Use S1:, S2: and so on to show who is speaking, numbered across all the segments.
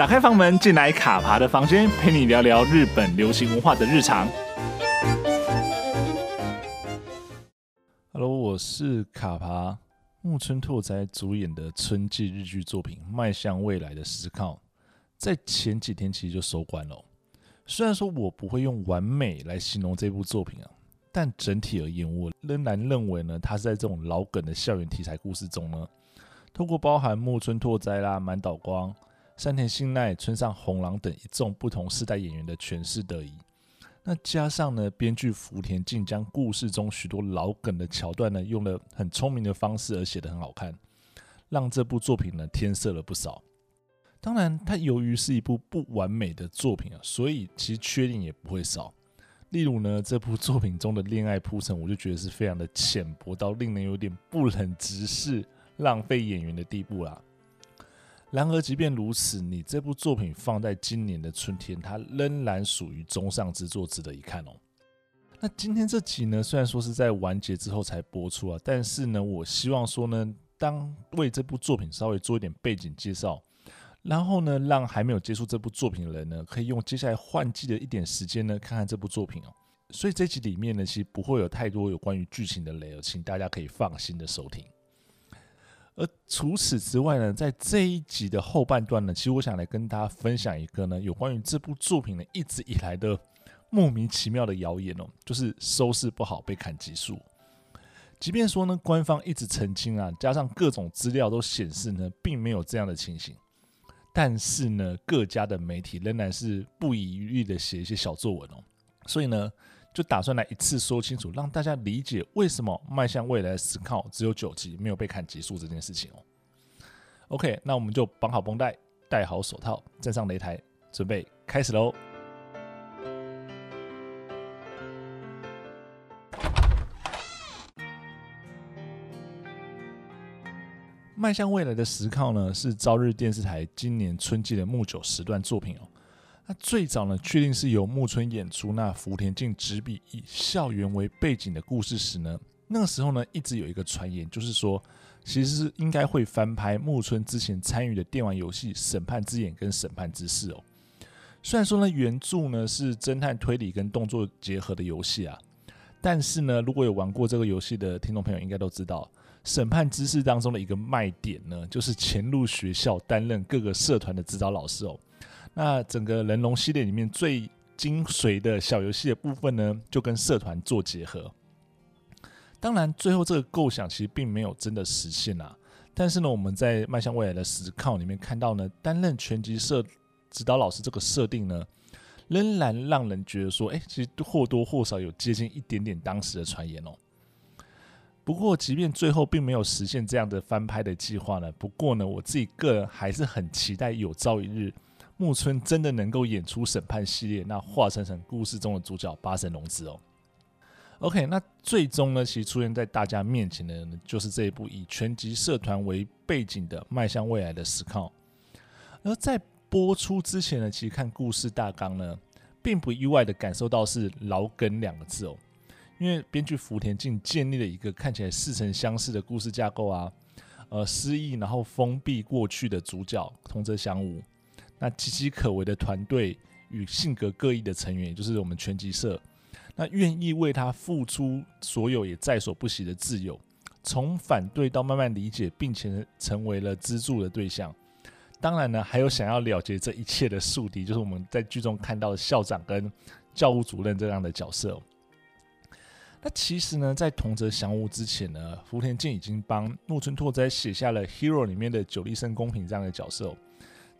S1: 打開房門，進來卡帕的房間，陪你聊聊日本流行文化的日常。Hello，我是卡帕。木村拓哉主演的春季日劇作品《邁向未來的10 Count》在前幾天其實就收官了。雖然說我不會用完美來形容這部作品啊，但整體而言，我仍然認為呢，它是在這種老梗的校園題材故事中呢，透過包含木村拓哉啦、啊、滿島光。山田杏奈、村上虹郎等一眾不同世代演員的詮釋得宜，那加上呢，編劇福田靖將故事中許多老梗的橋段呢，用了很聰明的方式而寫得很好看，讓這部作品呢添色了不少。當然，它由於是一部不完美的作品啊，所以其實缺點也不會少。例如呢，這部作品中的戀愛鋪陳，我就覺得是非常的淺薄到令人有點不忍直視、浪費演員的地步啦。然而，即便如此，你這部作品放在今年的春天，它仍然屬於中上之作，值得一看哦。那今天這集呢，雖然說是在完結之後才播出啊，但是呢，我希望說呢，當為這部作品稍微做一點背景介紹，然後呢，讓還沒有接觸這部作品的人呢，可以用接下來換季的一點時間呢，看看這部作品哦。所以這集裡面呢，其實不會有太多有關於劇情的雷哦，請大家可以放心的收聽。而除此之外呢，在這一集的後半段呢，其實我想來跟大家分享一個呢，有關於這部作品呢一直以來的莫名其妙的謠言哦，就是收視不好被砍集數。即便說呢，官方一直澄清啊，加上各種資料都顯示呢，並沒有這樣的情形，但是呢，各家的媒體仍然是不遺餘力的寫一些小作文哦，所以呢。就打算來一次說清楚，讓大家理解為什麼《邁向未來的10 Count》只有九集沒有被砍集數這件事情哦。OK，那我們就綁好繃帶，戴好手套，站上擂台，準備開始嘍。《邁向未來的10 Count》呢，是朝日電視台今年春季的木九時段作品哦。那最早呢，確定是由木村演出，那福田靖執筆以校園為背景的故事時呢，那個時候呢，一直有一個傳言，就是說其實是應該會翻拍木村之前參與的電玩遊戲《審判之眼》跟《審判之誓》哦。雖然說呢，原著呢是偵探推理跟動作結合的遊戲啊，但是呢，如果有玩過這個遊戲的聽眾朋友應該都知道，《審判之誓》當中的一個賣點呢，就是潛入學校擔任各個社團的指導老師哦。那整個人龍系列裡面最精髓的小遊戲的部分呢，就跟社團做結合。當然，最後這個構想其實並沒有真的實現啦、啊。但是呢，我們在邁向未來的10 Count 裡面看到呢，擔任拳擊社指導老師這個設定呢，仍然讓人覺得說，誒，其實或多或少有接近一點點當時的傳言哦。不過，即便最後並沒有實現這樣的翻拍的計劃呢，不過呢，我自己個人還是很期待有朝一日。木村真的能夠演出審判系列，那化身成故事中的主角八神隆之哦。OK，那最終呢，其實出現在大家面前的就是這一部以拳擊社團為背景的《邁向未來的10 Count》。而在播出之前呢，其實看故事大綱呢，並不意外的感受到是“老梗”兩個字哦，因為編劇福田靖建立了一個看起來似曾相識的故事架構啊，呃，失憶，然後封閉過去的主角桐澤祥吾。那岌岌可危的團隊與性格各異的成員，就是我們拳擊社，那願意為他付出所有也在所不惜的摯友，從反對到慢慢理解，並且成為了資助的對象。當然呢，還有想要了結這一切的宿敵，就是我們在劇中看到的校長跟教務主任這樣的角色喔。那其實呢，在桐澤祥吾之前呢，福田靖已經幫木村拓哉寫下了《Hero》裡面的久利生公平這樣的角色喔。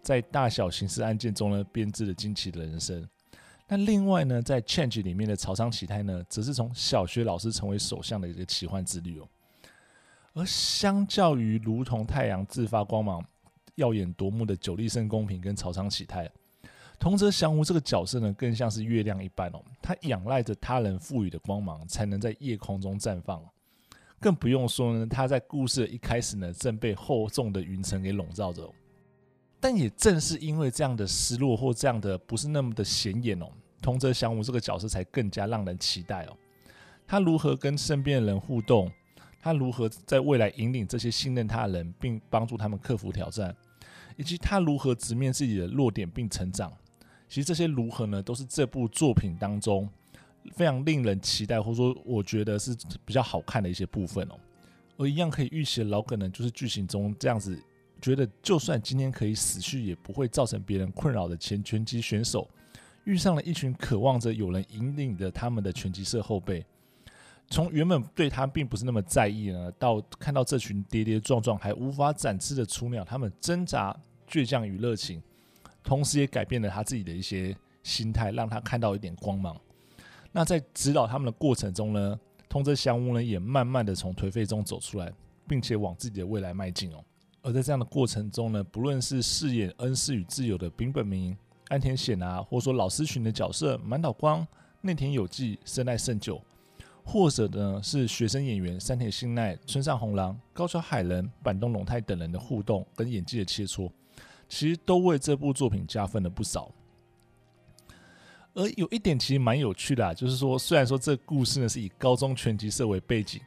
S1: 在大小刑事案件中呢，編織了驚奇的人生。那另外呢，在《Change》裡面的朝倉啟太呢，則是從小學老師成為首相的一個奇幻之旅哦。而相較於如同太陽自發光芒、耀眼奪目的久利生公平跟朝倉啟太，桐澤祥吾這個角色呢，更像是月亮一般哦。他仰賴着他人賦予的光芒，才能在夜空中綻放。更不用說呢，他在故事一開始呢，正被厚重的雲層給籠罩著哦。但也正是因為這樣的失落，或這樣的不是那麼的顯眼哦，桐澤祥吾這個角色才更加讓人期待哦。他如何跟身邊的人互動？他如何在未來引領這些信任他的人，並幫助他們克服挑戰？以及他如何直面自己的弱點並成長？其實這些如何呢，都是這部作品當中非常令人期待，或者說我覺得是比較好看的一些部分哦。而一樣可以預期的老梗呢，就是劇情中這樣子。我覺得就算今天可以死去，也不會造成別人困擾的前拳擊選手，遇上了一群渴望着有人引領著他們的拳擊社後輩。從原本對他並不是那麼在意呢，到看到這群跌跌撞撞還無法展翅的雛鳥，他們掙扎、倔強與熱情，同時也改變了他自己的一些心態，讓他看到一點光芒。那在指導他們的過程中呢，桐澤祥吾呢也慢慢的從頹廢中走出來，並且往自己的未來邁進哦。而在這樣的過程中呢，不論是飾演恩師與摯友的柄本明、安田顯啊，或者說老師群的角色滿島光、內田有紀、深瀨勝久，或者呢是學生演員山田杏奈、村上虹郎、高橋海人、板東龍太等人的互動跟演技的切磋，其實都為這部作品加分了不少。而有一點其實蠻有趣的啊，就是說雖然說這故事呢是以高中拳擊社為背景。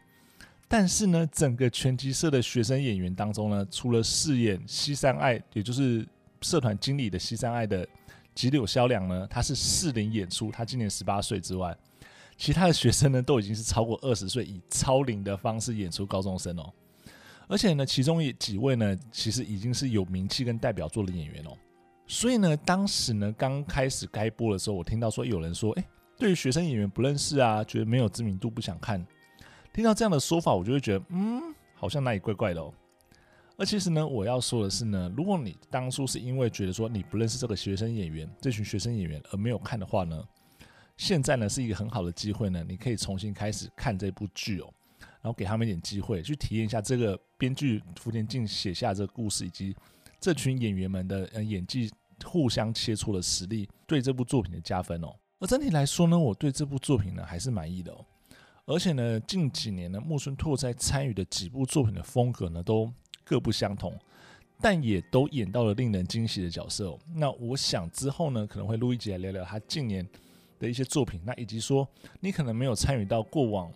S1: 但是呢，整個拳擊社的學生演員當中呢，除了飾演西山愛，也就是社團經理的西山愛的吉柳蕭良呢，他是適齡演出，他今年十八歲之外，其他的學生呢都已經是超過二十歲，以超齡的方式演出高中生哦。而且呢，其中也幾位呢，其實已經是有名氣跟代表作的演員哦。所以呢，當時呢剛開始開播的時候，我聽到說有人說，誒、欸，對於學生演員不認識啊，覺得沒有知名度，不想看。聽到這樣的說法，我就會覺得，嗯，好像哪裡怪怪的哦。而其實呢，我要說的是呢，如果你當初是因為覺得說你不認識這個學生演員，這群學生演員而沒有看的話呢，現在呢是一個很好的機會呢，你可以重新開始看這部劇哦，然後給他們一點機會，去體驗一下這個編劇福田靖寫下這個故事，以及這群演員們的演技互相切磋的實力，對這部作品的加分哦。而整體來說呢，我對這部作品呢還是滿意的哦。而且呢，近幾年呢，木村拓哉參與的幾部作品的風格呢，都各不相同，但也都演到了令人驚喜的角色哦。那我想之後呢，可能會錄一集來聊聊他近年的一些作品，那以及說你可能沒有參與到過往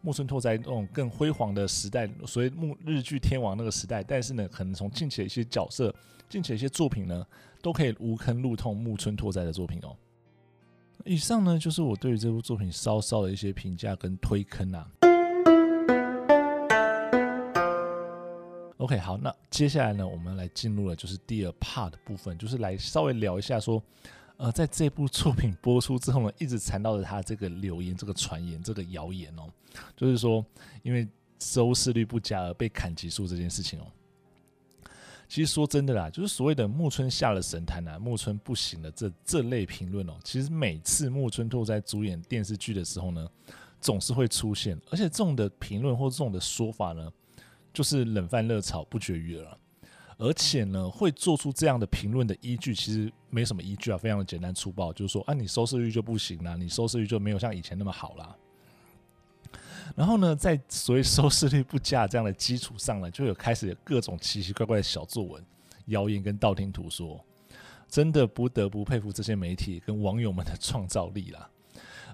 S1: 木村拓哉那種更輝煌的時代，所謂木日劇天王那個時代，但是呢，可能從近期的一些角色，近期的一些作品呢，都可以無痛入坑木村拓哉的作品哦。以上呢，就是我對於這部作品稍稍的一些評價跟推坑啊。OK，好，那接下來呢，我們來進入了，就是第二 part 的部分，就是來稍微聊一下說，呃，在這部作品播出之後呢，一直纏繞着他這個流言、這個傳言、這個謠言哦，就是說因為收視率不佳而被砍集數這件事情哦。其實說真的啦，就是所謂的木村下了神壇啊，木村不行了這這類評論哦，其實每次木村拓哉主演電視劇的時候呢，總是會出現，而且這種的評論或這種的說法呢，就是冷飯熱炒不絕於耳，而且呢，會做出這樣的評論的依據其實沒什麼依據啊，非常的簡單粗暴，就是說啊，你收視率就不行啦，你收視率就沒有像以前那麼好啦。然後呢，在所謂收視率不佳這樣的基礎上呢，就有開始有各種奇奇怪怪的小作文、謠言跟道聽途說，真的不得不佩服這些媒體跟網友們的創造力啦。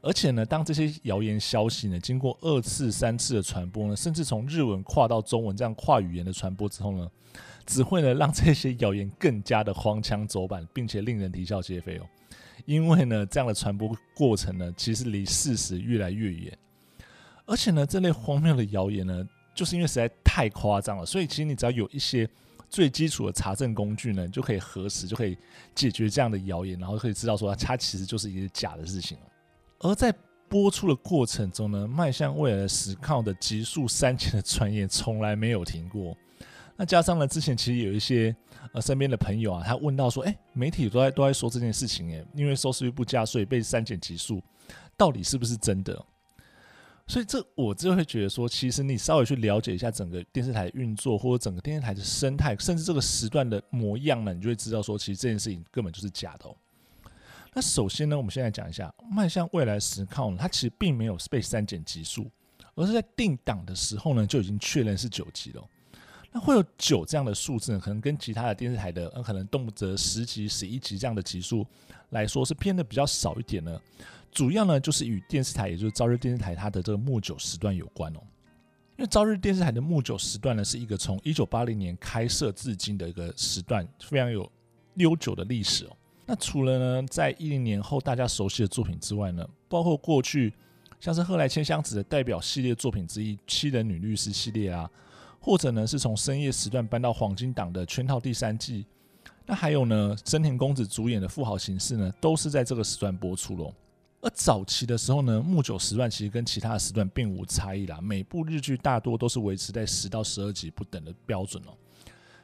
S1: 而且呢，當這些謠言消息呢，經過二次、三次的傳播呢，甚至從日文跨到中文這樣跨語言的傳播之後呢，只會呢讓這些謠言更加的荒腔走板，並且令人啼笑皆非哦。因為呢，這樣的傳播過程呢，其實離事實越來越遠。而且呢，這類荒謬的謠言呢，就是因為實在太誇張了，所以其實你只要有一些最基礎的查證工具呢，就可以核實，就可以解決這樣的謠言，然後可以知道說它其實就是一個假的事情。而在播出的過程中呢，《邁向未來的10 Count》的集數刪減的傳言從來沒有停過。那加上呢，之前，其實有一些呃身邊的朋友啊，他問到說：“哎，媒體都在都在說這件事情，欸，哎，因為收視率不佳，所以被刪減集數，到底是不是真的？”所以這我就會覺得說，其實你稍微去了解一下整個電視台運作，或者整個電視台的生態，甚至這個時段的模樣呢，你就會知道說，其實這件事情根本就是假的喔。那首先呢，我們現在講一下，邁向未來10 Count 呢，它其實並沒有被刪減集數，而是在定檔的時候呢，就已經確認是九集了喔。那會有九這樣的數字呢，可能跟其他的電視台的，可能動輒十集、十一集這樣的集數來說，是偏的比較少一點呢。主要呢，就是與電視台，也就是朝日電視台它的這個木九時段有關哦。因為朝日電視台的木九時段呢，是一個從一九八零年開設至今的一個時段，非常有悠久的歷史哦。那除了呢，在一零年後大家熟悉的作品之外呢，包括過去像是賀來千香子的代表系列作品之一《七人女律師》系列啊，或者呢，是從深夜時段搬到黃金檔的《圈套》第三季，那還有呢，深田恭子主演的《富豪刑事》呢，都是在這個時段播出嘍、哦。而早期的時候呢，木九時段其實跟其他的時段並無差異啦。每部日劇大多都是維持在十到十二集不等的標準喔。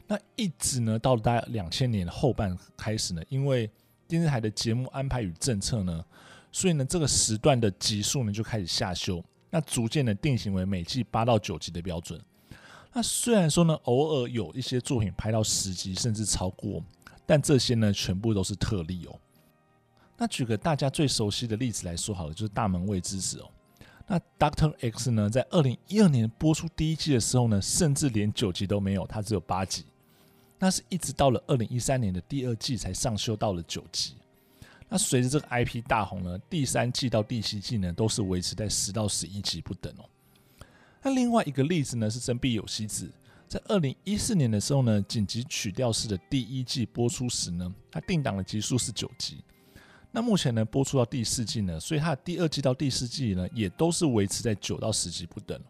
S1: 那一直呢到了大概兩千年後半開始呢，因為電視台的節目安排與政策呢，所以呢這個時段的集數呢就開始下修，那逐漸的定型為每季八到九集的標準。那雖然說呢偶爾有一些作品拍到十集甚至超過，但這些呢全部都是特例喔。那舉個大家最熟悉的例子來說好了，就是《大門未知子》哦。那《Doctor X》呢，在二零一二年播出第一季的時候呢，甚至連九集都沒有，它只有八集。那是一直到了二零一三年的第二季才上修到了九集。那隨着這個 IP 大紅呢，第三季到第七季呢，都是維持在十到十一集不等哦。那另外一個例子呢，是《真壁有希子》在二零一四年的時候呢，《緊急取調室》的第一季播出時呢，它定檔的集數是九集。那目前呢，播出到第四季呢，所以它的第二季到第四季呢，也都是維持在九到十集不等。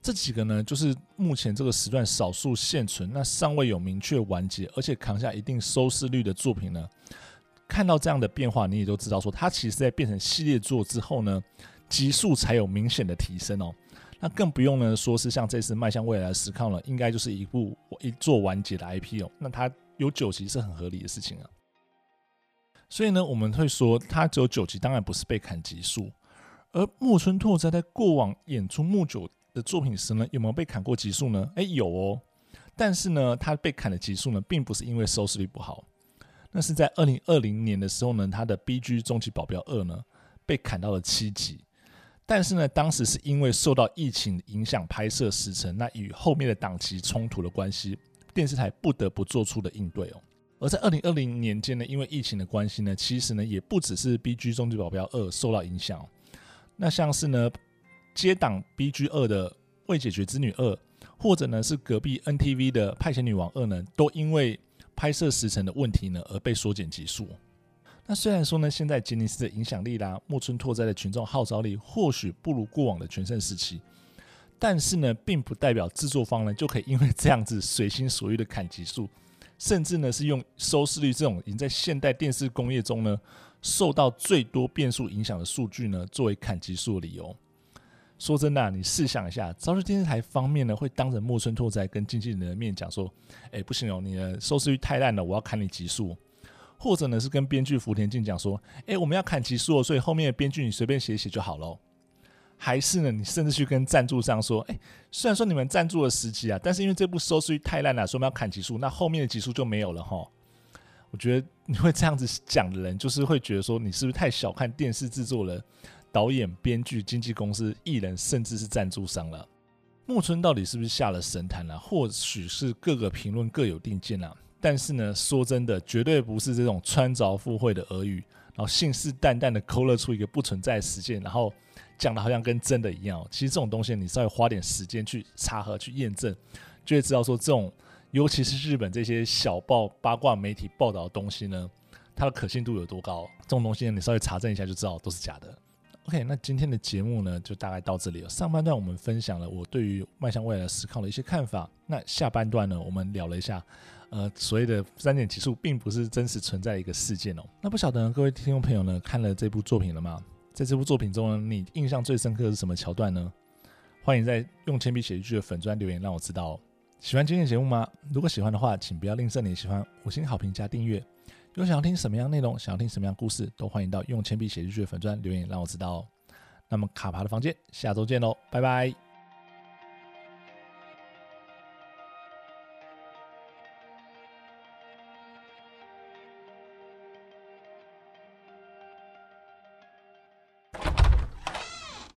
S1: 這幾個呢，就是目前這個時段少數現存、那尚未有明確完結，而且扛下一定收視率的作品呢，看到這樣的變化，你也都知道說，它其實在變成系列作之後呢，集數才有明顯的提升哦。那更不用呢，說是像這次邁向未來的10 Count 了，應該就是一部一作完結的 IP 哦。那它有九集是很合理的事情啊。所以呢，我們會說他只有九集，當然不是被砍集數。而木村拓哉在過往演出木九的作品時呢，有沒有被砍過集數呢？哎、欸，有哦。但是呢，他被砍的集數呢，並不是因為收視率不好，那是在二零二零年的時候呢，他的《B G 終極保鏢二》呢被砍到了七集。但是呢，當時是因為受到疫情影響，拍攝時程那與後面的檔期衝突的關係，電視台不得不做出的應對哦。而在二零二零年間呢，因為疫情的關係呢，其實呢也不只是《BG 終極保鏢二》受到影響喔，那像是呢接檔《BG 二》的《未解決之女二》，或者呢是隔壁 NTV 的《派遣女王二》呢，都因為拍攝時程的問題呢而被縮減集數。那雖然說呢，現在吉尼斯的影響力啦，木村拓哉的群眾號召力或許不如過往的全盛時期，但是呢，並不代表製作方呢就可以因為這樣子隨心所欲的砍集數。甚至呢，是用收視率這種已經在現代電視工業中呢受到最多變數影響的數據呢，作為砍集數的理由。說真的、啊，你試想一下，朝日電視台方面呢，會當着木村拓哉跟經紀人的面講說：“哎、欸，不行哦、喔，你的收視率太爛了，我要砍你集數。”或者呢，是跟編劇福田靖講說：“哎、欸，我們要砍集數，所以後面的編劇你隨便寫寫就好嘍。”還是呢？你甚至去跟贊助商說：“誒、欸，雖然說你們贊助了十集啊，但是因為這部收視率太爛了，所以我們要砍集數，那後面的集數就沒有了。”哈，我覺得你會這樣子講的人，就是會覺得說你是不是太小看電視制作人、導演、編劇、經紀公司、藝人，甚至是贊助商了？木村到底是不是下了神壇了？或許是各個評論各有定見啊。但是呢，說真的，絕對不是這種穿鑿附會的耳語，然後信誓旦旦的勾勒出一個不存在事件，然後。講的好像跟真的一樣哦，其實這種東西你稍微花點時間去查核、去驗證，就會知道說這種，尤其是日本這些小報八卦媒體報道的東西呢，它的可信度有多高？這種東西你稍微查證一下就知道都是假的。OK，那今天的節目呢，就大概到這裡了。上半段我們分享了我對於邁向未來的10 Count 的一些看法，那下半段呢，我們聊了一下，呃，所謂的砍掉集數，並不是真實存在的一個事件哦。那不曉得各位聽眾朋友呢，看了這部作品了嗎？在這部作品中呢，你印象最深刻的是什麼橋段呢？歡迎在用鉛筆寫一句的粉專留言，讓我知道哦。喜歡今天的節目嗎？如果喜歡的話，請不要吝嗇你的喜歡，五星好評加訂閱。有想要聽什麼樣內容，想要聽什麼樣的故事，都歡迎到用鉛筆寫一句的粉專留言，讓我知道哦。那麼卡爬的房間，下週見嘍，拜拜。